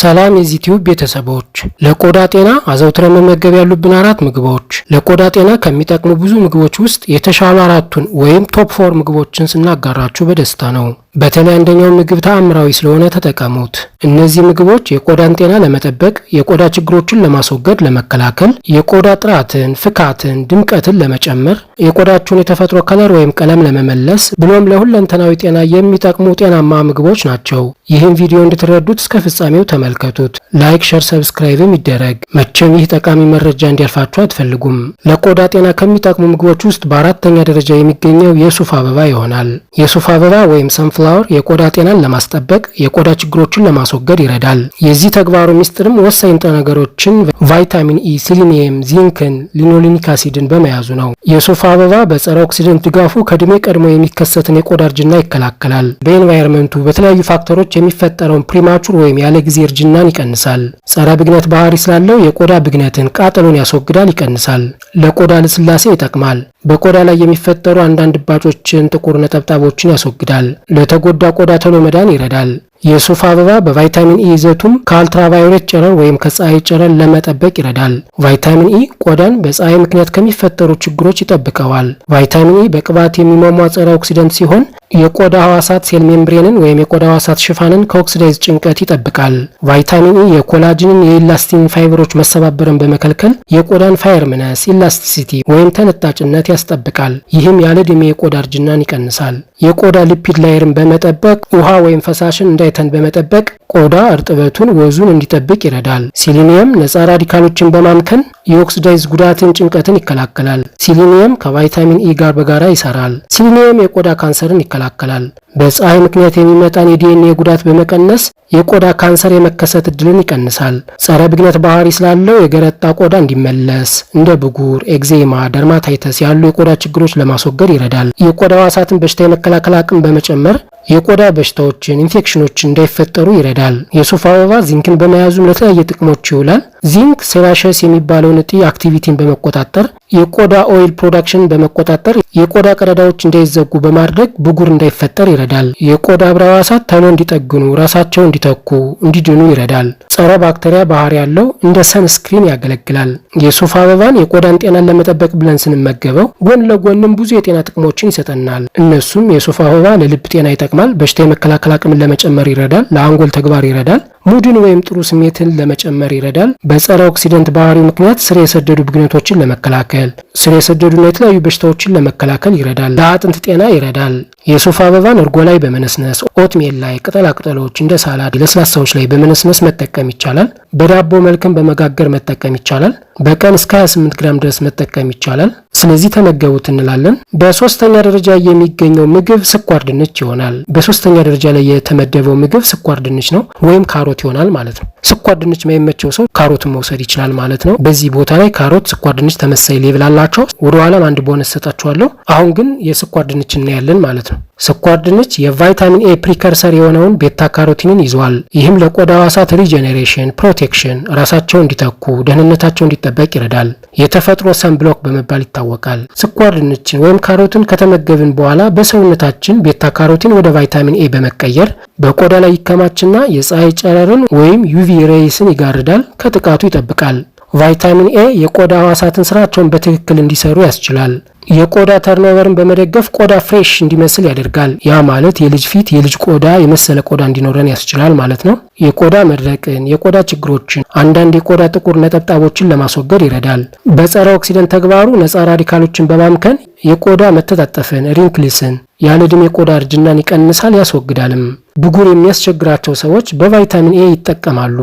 ሰላም የዚቲዩብ ቤተሰቦች፣ ለቆዳ ጤና አዘውትረን መመገብ ያሉብን አራት ምግቦች። ለቆዳ ጤና ከሚጠቅሙ ብዙ ምግቦች ውስጥ የተሻሉ አራቱን ወይም ቶፕ ፎር ምግቦችን ስናጋራችሁ በደስታ ነው። በተለይ አንደኛው ምግብ ተአምራዊ ስለሆነ ተጠቀሙት። እነዚህ ምግቦች የቆዳን ጤና ለመጠበቅ፣ የቆዳ ችግሮችን ለማስወገድ፣ ለመከላከል፣ የቆዳ ጥራትን፣ ፍካትን፣ ድምቀትን ለመጨመር፣ የቆዳችሁን የተፈጥሮ ከለር ወይም ቀለም ለመመለስ ብሎም ለሁለንተናዊ ጤና የሚጠቅሙ ጤናማ ምግቦች ናቸው። ይህን ቪዲዮ እንድትረዱት እስከ ፍጻሜው ተመልከቱት። ላይክ፣ ሸር፣ ሰብስክራይብም ይደረግ። መቼም ይህ ጠቃሚ መረጃ እንዲያልፋችሁ አትፈልጉም። ለቆዳ ጤና ከሚጠቅሙ ምግቦች ውስጥ በአራተኛ ደረጃ የሚገኘው የሱፍ አበባ ይሆናል። የሱፍ አበባ ወይም ሰንፍላ መዘዋወር የቆዳ ጤናን ለማስጠበቅ የቆዳ ችግሮችን ለማስወገድ ይረዳል። የዚህ ተግባሩ ሚስጥርም ወሳኝ ንጥረ ነገሮችን ቫይታሚን ኢ፣ ሲሊኒየም፣ ዚንክን፣ ሊኖሊኒክ አሲድን በመያዙ ነው። የሱፍ አበባ በጸረ ኦክሲደንት ድጋፉ ከእድሜ ቀድሞ የሚከሰትን የቆዳ እርጅና ይከላከላል። በኤንቫይርመንቱ በተለያዩ ፋክተሮች የሚፈጠረውን ፕሪማቹር ወይም ያለ ጊዜ እርጅናን ይቀንሳል። ጸረ ብግነት ባህሪ ስላለው የቆዳ ብግነትን፣ ቃጠሎን ያስወግዳል፣ ይቀንሳል። ለቆዳ ልስላሴ ይጠቅማል። በቆዳ ላይ የሚፈጠሩ አንዳንድ ባጮችን፣ ጥቁር ነጠብጣቦችን ያስወግዳል። ለተጎዳ ቆዳ ተሎ መዳን ይረዳል። የሱፍ አበባ በቫይታሚን ኢ e ይዘቱም ከአልትራቫዮሌት ጨረር ወይም ከፀሐይ ጨረር ለመጠበቅ ይረዳል። ቫይታሚን ኢ e ቆዳን በፀሐይ ምክንያት ከሚፈጠሩ ችግሮች ይጠብቀዋል። ቫይታሚን ኢ e በቅባት የሚሟሟ ጸረ ኦክሲደንት ሲሆን የቆዳ ህዋሳት ሴል ሜምብሬንን ወይም የቆዳ ህዋሳት ሽፋንን ከኦክሲዳይዝ ጭንቀት ይጠብቃል። ቫይታሚን ኢ የኮላጅንን የኢላስቲን ፋይበሮች መሰባበርን በመከልከል የቆዳን ፋይርምነስ ኢላስቲሲቲ ወይም ተነጣጭነት ያስጠብቃል። ይህም ያለ ዕድሜ የቆዳ እርጅናን ይቀንሳል። የቆዳ ሊፒድ ላይርን በመጠበቅ ውሃ ወይም ፈሳሽን እንዳ ዳይተን በመጠበቅ ቆዳ እርጥበቱን፣ ወዙን እንዲጠብቅ ይረዳል። ሲሊኒየም ነፃ ራዲካሎችን በማምከን የኦክሲዳይዝ ጉዳትን፣ ጭንቀትን ይከላከላል። ሲሊኒየም ከቫይታሚን ኢ e ጋር በጋራ ይሰራል። ሲሊኒየም የቆዳ ካንሰርን ይከላከላል። በፀሐይ ምክንያት የሚመጣን የዲኤንኤ ጉዳት በመቀነስ የቆዳ ካንሰር የመከሰት እድልን ይቀንሳል። ጸረ ብግነት ባህሪ ስላለው የገረጣ ቆዳ እንዲመለስ እንደ ብጉር፣ ኤግዜማ፣ ደርማታይተስ ያሉ የቆዳ ችግሮች ለማስወገድ ይረዳል። የቆዳ ዋሳትን በሽታ የመከላከል አቅም በመጨመር የቆዳ በሽታዎችን፣ ኢንፌክሽኖችን እንዳይፈጠሩ ይረዳል። የሱፍ አበባ ዚንክን በመያዙ ለተለያየ ጥቅሞች ይውላል። ዚንክ ሴራሸስ የሚባለውን እጢ አክቲቪቲን በመቆጣጠር የቆዳ ኦይል ፕሮዳክሽን በመቆጣጠር የቆዳ ቀዳዳዎች እንዳይዘጉ በማድረግ ብጉር እንዳይፈጠር ይረዳል። የቆዳ አብረ ሕዋሳት እንዲጠግኑ፣ ራሳቸው እንዲተኩ፣ እንዲድኑ ይረዳል። ጸረ ባክቴሪያ ባህሪ ያለው እንደ ሰንስክሪን ያገለግላል። የሱፍ አበባን የቆዳን ጤናን ለመጠበቅ ብለን ስንመገበው ጎን ለጎንም ብዙ የጤና ጥቅሞችን ይሰጠናል። እነሱም የሱፍ አበባ ለልብ ጤና ይጠቅማል። በሽታ የመከላከል አቅምን ለመጨመር ይረዳል። ለአንጎል ተግባር ይረዳል። ሙድን ወይም ጥሩ ስሜትን ለመጨመር ይረዳል። በጸረ ኦክሲደንት ባህሪው ምክንያት ስር የሰደዱ ብግነቶችን ለመከላከል፣ ስር የሰደዱና የተለያዩ በሽታዎችን ለመከላከል ይረዳል። ለአጥንት ጤና ይረዳል። የሱፍ አበባን እርጎ ላይ በመነስነስ ኦትሜል ላይ፣ ቅጠላቅጠሎች እንደ ሳላድ፣ ለስላሳዎች ላይ በመነስነስ መጠቀም ይቻላል። በዳቦ መልክም በመጋገር መጠቀም ይቻላል። በቀን እስከ 28 ግራም ድረስ መጠቀም ይቻላል። ስለዚህ ተመገቡት እንላለን። በሶስተኛ ደረጃ የሚገኘው ምግብ ስኳር ድንች ይሆናል። በሶስተኛ ደረጃ ላይ የተመደበው ምግብ ስኳር ድንች ነው ወይም ካሮት ይሆናል ማለት ነው። ስኳር ድንች የማይመቸው ሰው ካሮትን መውሰድ ይችላል ማለት ነው። በዚህ ቦታ ላይ ካሮት፣ ስኳር ድንች ተመሳይ ሌብል አላቸው። ወደኋላም አንድ ቦነስ ሰጣችኋለሁ። አሁን ግን የስኳር ድንች እናያለን ማለት ነው። ስኳር ድንች የቫይታሚን ኤ ፕሪከርሰር የሆነውን ቤታ ካሮቲንን ይዟል። ይህም ለቆዳ ዋሳት ሪጀኔሬሽን፣ ፕሮቴክሽን፣ ራሳቸው እንዲተኩ፣ ደህንነታቸው እንዲጠበቅ ይረዳል። የተፈጥሮ ሰንብሎክ በመባል ይታወቃል። ስኳር ድንችን ወይም ካሮትን ከተመገብን በኋላ በሰውነታችን ቤታ ካሮቲን ወደ ቫይታሚን ኤ በመቀየር በቆዳ ላይ ይከማችና የፀሐይ ጨረርን ወይም ዩቪ ሬይስን ይጋርዳል፣ ከጥቃቱ ይጠብቃል። ቫይታሚን ኤ የቆዳ ህዋሳትን ስራቸውን በትክክል እንዲሰሩ ያስችላል። የቆዳ ተርኖቨርን በመደገፍ ቆዳ ፍሬሽ እንዲመስል ያደርጋል። ያ ማለት የልጅ ፊት የልጅ ቆዳ የመሰለ ቆዳ እንዲኖረን ያስችላል ማለት ነው። የቆዳ መድረቅን፣ የቆዳ ችግሮችን፣ አንዳንድ የቆዳ ጥቁር ነጠብጣቦችን ለማስወገድ ይረዳል። በጸረ ኦክሲደንት ተግባሩ ነጻ ራዲካሎችን በማምከን የቆዳ መተጣጠፍን ሪንክሊስን ያለ ዕድሜ የቆዳ እርጅናን ይቀንሳል ያስወግዳልም። ብጉር የሚያስቸግራቸው ሰዎች በቫይታሚን ኤ ይጠቀማሉ።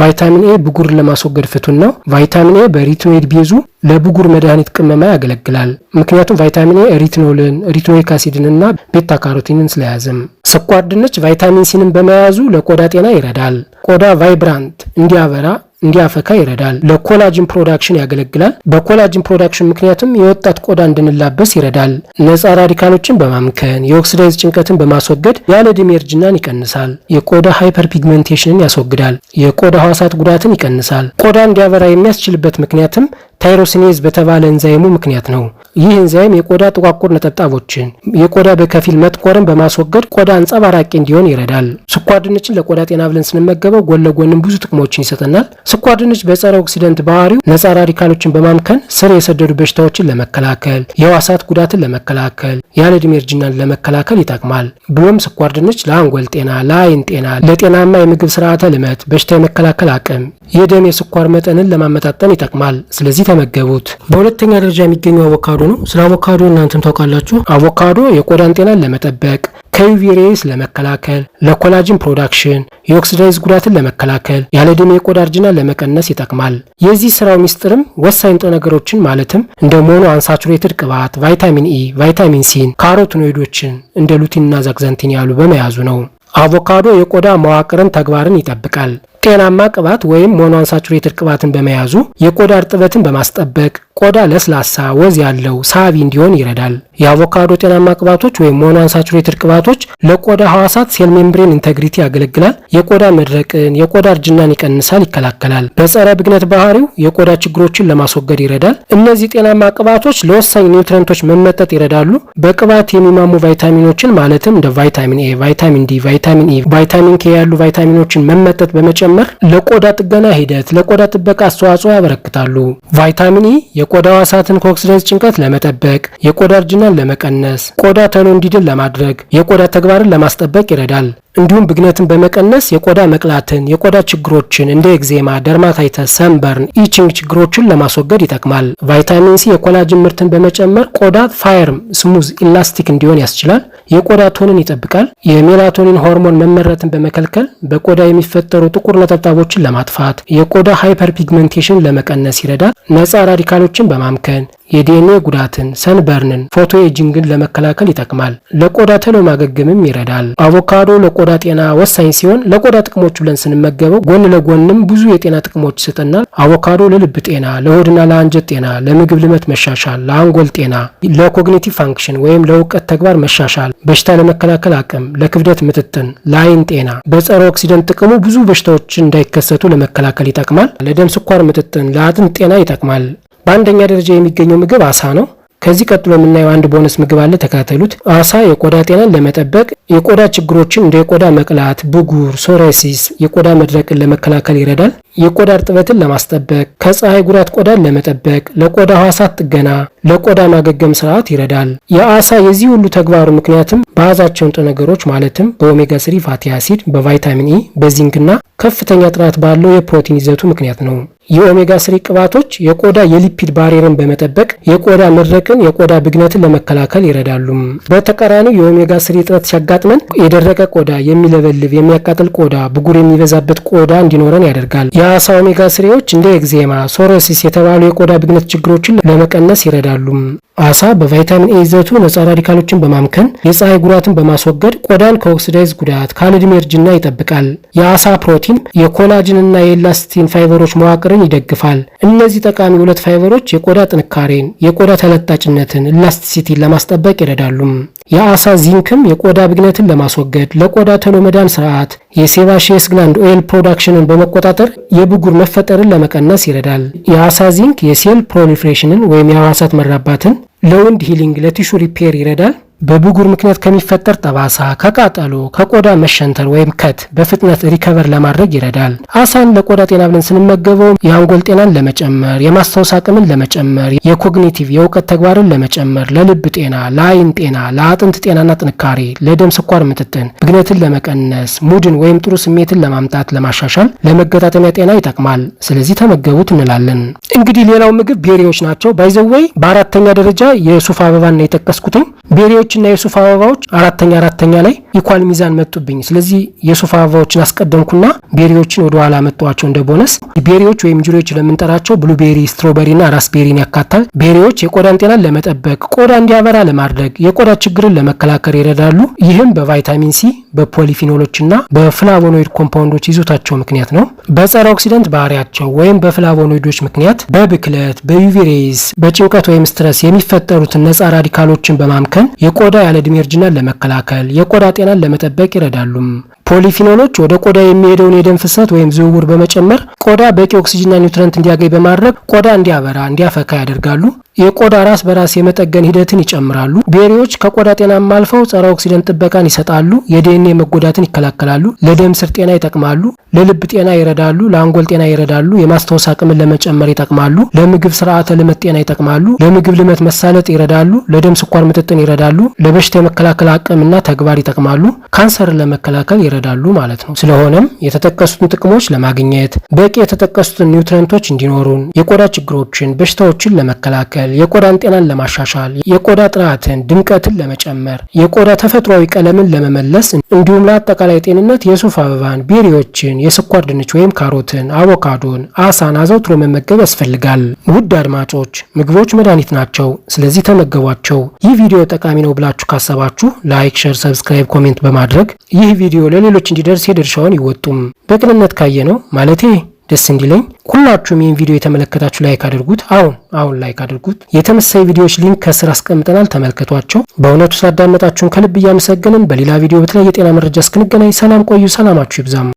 ቫይታሚን ኤ ብጉርን ለማስወገድ ፍቱን ነው። ቫይታሚን ኤ በሪትኖይድ ቤዙ ለብጉር መድኃኒት ቅመማ ያገለግላል። ምክንያቱም ቫይታሚን ኤ ሪትኖልን፣ ሪትኖይክ አሲድን ቤታ ካሮቲንን ስለያዘም። ስኳር ድንች ቫይታሚን ሲንን በመያዙ ለቆዳ ጤና ይረዳል። ቆዳ ቫይብራንት እንዲያበራ እንዲያፈካ ይረዳል። ለኮላጅን ፕሮዳክሽን ያገለግላል። በኮላጅን ፕሮዳክሽን ምክንያትም የወጣት ቆዳ እንድንላበስ ይረዳል። ነፃ ራዲካሎችን በማምከን የኦክሲዳይዝ ጭንቀትን በማስወገድ ያለ ዕድሜ እርጅናን ይቀንሳል። የቆዳ ሃይፐርፒግመንቴሽንን ያስወግዳል። የቆዳ ህዋሳት ጉዳትን ይቀንሳል። ቆዳ እንዲያበራ የሚያስችልበት ምክንያትም ታይሮሲኔዝ በተባለ እንዛይሙ ምክንያት ነው። ይህ ኤንዛይም የቆዳ ጥቋቁር ነጠብጣቦችን፣ የቆዳ በከፊል መጥቆርን በማስወገድ ቆዳ አንጸባራቂ እንዲሆን ይረዳል። ስኳር ድንችን ለቆዳ ጤና ብለን ስንመገበው ጎን ለጎንም ብዙ ጥቅሞችን ይሰጠናል። ስኳር ድንች በጸረ ኦክሲደንት ባህሪው ነጻ ራዲካሎችን በማምከን ስር የሰደዱ በሽታዎችን ለመከላከል፣ የህዋሳት ጉዳትን ለመከላከል፣ ያለ ዕድሜ እርጅናን ለመከላከል ይጠቅማል። ብሎም ስኳር ድንች ለአንጎል ጤና፣ ለአይን ጤና፣ ለጤናማ የምግብ ስርዓተ ልመት፣ በሽታ የመከላከል አቅም፣ የደም የስኳር መጠንን ለማመጣጠን ይጠቅማል። ስለዚህ ተመገቡት። በሁለተኛ ደረጃ የሚገኙ አቮካዶ አቮካዶ ነው። ስለ አቮካዶ እናንተም ታውቃላችሁ። አቮካዶ የቆዳን ጤናን ለመጠበቅ ከዩቪ ለመከላከል፣ ለኮላጅን ፕሮዳክሽን፣ የኦክሲዳይዝ ጉዳትን ለመከላከል፣ ያለ ዕድሜ የቆዳ እርጅና ለመቀነስ ይጠቅማል። የዚህ ስራው ሚስጥርም ወሳኝ ንጥረ ነገሮችን ማለትም እንደ ሞኖ አንሳቹሬትድ ቅባት፣ ቫይታሚን ኢ፣ ቫይታሚን ሲን፣ ካሮቲኖይዶችን እንደ ሉቲንና ዛግዛንቲን ያሉ በመያዙ ነው። አቮካዶ የቆዳ መዋቅርን ተግባርን ይጠብቃል። ጤናማ ቅባት ወይም ሞኖ አንሳቹሬትድ ቅባትን በመያዙ የቆዳ እርጥበትን በማስጠበቅ ቆዳ ለስላሳ ወዝ ያለው ሳቢ እንዲሆን ይረዳል። የአቮካዶ ጤናማ ቅባቶች ወይም ሞኖአንሳቹሬትድ ቅባቶች ለቆዳ ህዋሳት ሴል ሜምብሬን ኢንተግሪቲ ያገለግላል። የቆዳ መድረቅን፣ የቆዳ እርጅናን ይቀንሳል፣ ይከላከላል። በጸረ ብግነት ባህሪው የቆዳ ችግሮችን ለማስወገድ ይረዳል። እነዚህ ጤናማ ቅባቶች ለወሳኝ ኒውትረንቶች መመጠጥ ይረዳሉ። በቅባት የሚማሙ ቫይታሚኖችን ማለትም እንደ ቫይታሚን ኤ፣ ቫይታሚን ዲ፣ ቫይታሚን ኢ፣ ቫይታሚን ኬ ያሉ ቫይታሚኖችን መመጠጥ በመጨመር ለቆዳ ጥገና ሂደት ለቆዳ ጥበቃ አስተዋጽኦ ያበረክታሉ። ቫይታሚን ኢ የቆዳ ዋሳትን ከኦክሲዳይዝ ጭንቀት ለመጠበቅ፣ የቆዳ እርጅናን ለመቀነስ፣ ቆዳ ተኖ እንዲድን ለማድረግ፣ የቆዳ ተግባርን ለማስጠበቅ ይረዳል። እንዲሁም ብግነትን በመቀነስ የቆዳ መቅላትን፣ የቆዳ ችግሮችን እንደ ኤግዜማ፣ ደርማታይተስ፣ ሰንበርን፣ ኢቺንግ ችግሮችን ለማስወገድ ይጠቅማል። ቫይታሚን ሲ የኮላጅን ምርትን በመጨመር ቆዳ ፋየርም፣ ስሙዝ፣ ኢላስቲክ እንዲሆን ያስችላል። የቆዳ ቶንን ይጠብቃል። የሜላቶኒን ሆርሞን መመረትን በመከልከል በቆዳ የሚፈጠሩ ጥቁር ነጠብጣቦችን ለማጥፋት፣ የቆዳ ሃይፐርፒግመንቴሽን ለመቀነስ ይረዳል። ነጻ ራዲካሎች ሴሎችን በማምከን የዲኤንኤ ጉዳትን፣ ሰንበርንን፣ ፎቶ ኤጂንግን ለመከላከል ይጠቅማል። ለቆዳ ተሎ ማገገምም ይረዳል። አቮካዶ ለቆዳ ጤና ወሳኝ ሲሆን ለቆዳ ጥቅሞች ብለን ስንመገበው ጎን ለጎንም ብዙ የጤና ጥቅሞች ይሰጠናል። አቮካዶ ለልብ ጤና፣ ለሆድና ለአንጀት ጤና፣ ለምግብ ልመት መሻሻል፣ ለአንጎል ጤና፣ ለኮግኒቲቭ ፋንክሽን ወይም ለእውቀት ተግባር መሻሻል፣ በሽታ ለመከላከል አቅም፣ ለክብደት ምጥጥን፣ ለአይን ጤና። በጸረ ኦክሲደንት ጥቅሙ ብዙ በሽታዎች እንዳይከሰቱ ለመከላከል ይጠቅማል። ለደም ስኳር ምጥጥን፣ ለአጥንት ጤና ይጠቅማል። በአንደኛ ደረጃ የሚገኘው ምግብ አሳ ነው። ከዚህ ቀጥሎ የምናየው አንድ ቦነስ ምግብ አለ፣ ተካተሉት። አሳ የቆዳ ጤናን ለመጠበቅ የቆዳ ችግሮችን እንደ የቆዳ መቅላት፣ ብጉር፣ ሶራሲስ፣ የቆዳ መድረቅን ለመከላከል ይረዳል። የቆዳ እርጥበትን ለማስጠበቅ፣ ከፀሐይ ጉዳት ቆዳን ለመጠበቅ፣ ለቆዳ ሕዋሳት ጥገና፣ ለቆዳ ማገገም ስርዓት ይረዳል። የአሳ የዚህ ሁሉ ተግባሩ ምክንያትም በያዛቸው ንጥረ ነገሮች ማለትም በኦሜጋ ስሪ ፋቲ አሲድ፣ በቫይታሚን ኢ፣ በዚንክና ከፍተኛ ጥራት ባለው የፕሮቲን ይዘቱ ምክንያት ነው። የኦሜጋ ስሪ ቅባቶች የቆዳ የሊፒድ ባሪየርን በመጠበቅ የቆዳ መድረቅን፣ የቆዳ ብግነትን ለመከላከል ይረዳሉ። በተቃራኒው የኦሜጋ ስሪ እጥረት ሲያጋጥመን የደረቀ ቆዳ፣ የሚለበልብ የሚያቃጥል ቆዳ፣ ብጉር የሚበዛበት ቆዳ እንዲኖረን ያደርጋል። የአሳ ኦሜጋ ስሪዎች እንደ ኤግዜማ፣ ሶሮሲስ የተባሉ የቆዳ ብግነት ችግሮችን ለመቀነስ ይረዳሉ። አሳ በቫይታሚን ኤ ይዘቱ ነጻ ራዲካሎችን በማምከን የፀሐይ ጉዳትን በማስወገድ ቆዳን ከኦክሲዳይዝ ጉዳት፣ ካለዕድሜ እርጅና ይጠብቃል። የአሳ ፕሮቲን የኮላጅንና የኤላስቲን ፋይበሮች መዋቅርን ፋይበሮችን ይደግፋል። እነዚህ ጠቃሚ ሁለት ፋይበሮች የቆዳ ጥንካሬን፣ የቆዳ ተለጣጭነትን፣ ኢላስቲሲቲን ለማስጠበቅ ይረዳሉ። የአሳ ዚንክም የቆዳ ብግነትን ለማስወገድ ለቆዳ ቶሎ መዳን ስርዓት፣ የሴባሼስ ግላንድ ኦይል ፕሮዳክሽንን በመቆጣጠር የብጉር መፈጠርን ለመቀነስ ይረዳል። የአሳ ዚንክ የሴል ፕሮሊፍሬሽንን ወይም የህዋሳት መራባትን ለውንድ ሂሊንግ ለቲሹ ሪፔር ይረዳል። በብጉር ምክንያት ከሚፈጠር ጠባሳ፣ ከቃጠሎ፣ ከቆዳ መሸንተር ወይም ከት በፍጥነት ሪከቨር ለማድረግ ይረዳል። አሳን ለቆዳ ጤና ብለን ስንመገበው የአንጎል ጤናን ለመጨመር፣ የማስታወስ አቅምን ለመጨመር፣ የኮግኒቲቭ የእውቀት ተግባርን ለመጨመር፣ ለልብ ጤና፣ ለአይን ጤና፣ ለአጥንት ጤናና ጥንካሬ፣ ለደም ስኳር ምጥጥን፣ ብግነትን ለመቀነስ፣ ሙድን ወይም ጥሩ ስሜትን ለማምጣት፣ ለማሻሻል፣ ለመገጣጠሚያ ጤና ይጠቅማል። ስለዚህ ተመገቡት እንላለን። እንግዲህ ሌላው ምግብ ቤሪዎች ናቸው። ባይዘወይ በአራተኛ ደረጃ የሱፍ አበባና የጠቀስኩትኝ ቤሪዎች እና የሱፍ አበባዎች አራተኛ አራተኛ ላይ ኢኳል ሚዛን መጡብኝ። ስለዚህ የሱፍ አበባዎችን አስቀደምኩና ቤሪዎችን ወደኋላ ኋላ መጠዋቸው እንደ ቦነስ። ቤሪዎች ወይም ጅሪዎች ለምንጠራቸው ብሉቤሪ፣ ራስ ቤሪን ያካታል። ቤሪዎች የቆዳን ጤናን ለመጠበቅ ቆዳ እንዲያበራ ለማድረግ የቆዳ ችግርን ለመከላከል ይረዳሉ። ይህም በቫይታሚን ሲ በፖሊፊኖሎችና በፍላቮኖይድ ኮምፓውንዶች ይዞታቸው ምክንያት ነው። በጸረ ኦክሲደንት ባህሪያቸው ወይም በፍላቮኖይዶች ምክንያት በብክለት፣ በዩቪሬዝ፣ በጭንቀት ወይም ስትረስ የሚፈጠሩትን ነጻ ራዲካሎችን በማምከን የቆዳ ያለ እድሜ እርጅናን ለመከላከል፣ የቆዳ ጤናን ለመጠበቅ ይረዳሉ። ፖሊፊኖሎች ወደ ቆዳ የሚሄደውን የደም ፍሰት ወይም ዝውውር በመጨመር ቆዳ በቂ ኦክሲጅንና ኒውትረንት እንዲያገኝ በማድረግ ቆዳ እንዲያበራ፣ እንዲያፈካ ያደርጋሉ። የቆዳ ራስ በራስ የመጠገን ሂደትን ይጨምራሉ። ቤሪዎች ከቆዳ ጤናም አልፈው ጸረ ኦክሲደንት ጥበቃን ይሰጣሉ። የዲኤንኤ መጎዳትን ይከላከላሉ። ለደም ስር ጤና ይጠቅማሉ። ለልብ ጤና ይረዳሉ። ለአንጎል ጤና ይረዳሉ። የማስታወስ አቅምን ለመጨመር ይጠቅማሉ። ለምግብ ስርዓተ ልመት ጤና ይጠቅማሉ። ለምግብ ልመት መሳለጥ ይረዳሉ። ለደም ስኳር ምጥጥን ይረዳሉ። ለበሽታ የመከላከል አቅምና ተግባር ይጠቅማሉ። ካንሰርን ለመከላከል ይረዳሉ ማለት ነው። ስለሆነም የተጠቀሱትን ጥቅሞች ለማግኘት በቂ የተጠቀሱትን ኒውትረንቶች እንዲኖሩን የቆዳ ችግሮችን፣ በሽታዎችን ለመከላከል ለማስተካከል የቆዳን ጤናን ለማሻሻል፣ የቆዳ ጥራትን ድምቀትን ለመጨመር፣ የቆዳ ተፈጥሯዊ ቀለምን ለመመለስ እንዲሁም ለአጠቃላይ ጤንነት የሱፍ አበባን፣ ቤሪዎችን፣ የስኳር ድንች ወይም ካሮትን፣ አቮካዶን፣ አሳን አዘውትሮ መመገብ ያስፈልጋል። ውድ አድማጮች ምግቦች መድኃኒት ናቸው፣ ስለዚህ ተመገቧቸው። ይህ ቪዲዮ ጠቃሚ ነው ብላችሁ ካሰባችሁ ላይክ፣ ሸር፣ ሰብስክራይብ፣ ኮሜንት በማድረግ ይህ ቪዲዮ ለሌሎች እንዲደርስ የድርሻውን ይወጡም። በቅንነት ካየ ነው ማለቴ ደስ እንዲለኝ ሁላችሁም ይህን ቪዲዮ የተመለከታችሁ ላይክ አድርጉት። አሁን አሁን ላይክ አድርጉት። የተመሳሳይ ቪዲዮዎች ሊንክ ከስር አስቀምጠናል፣ ተመልከቷቸው። በእውነቱ ሳዳመጣችሁን ከልብ እያመሰገንን በሌላ ቪዲዮ በተለያየ የጤና መረጃ እስክንገናኝ ሰላም ቆዩ። ሰላማችሁ ይብዛም።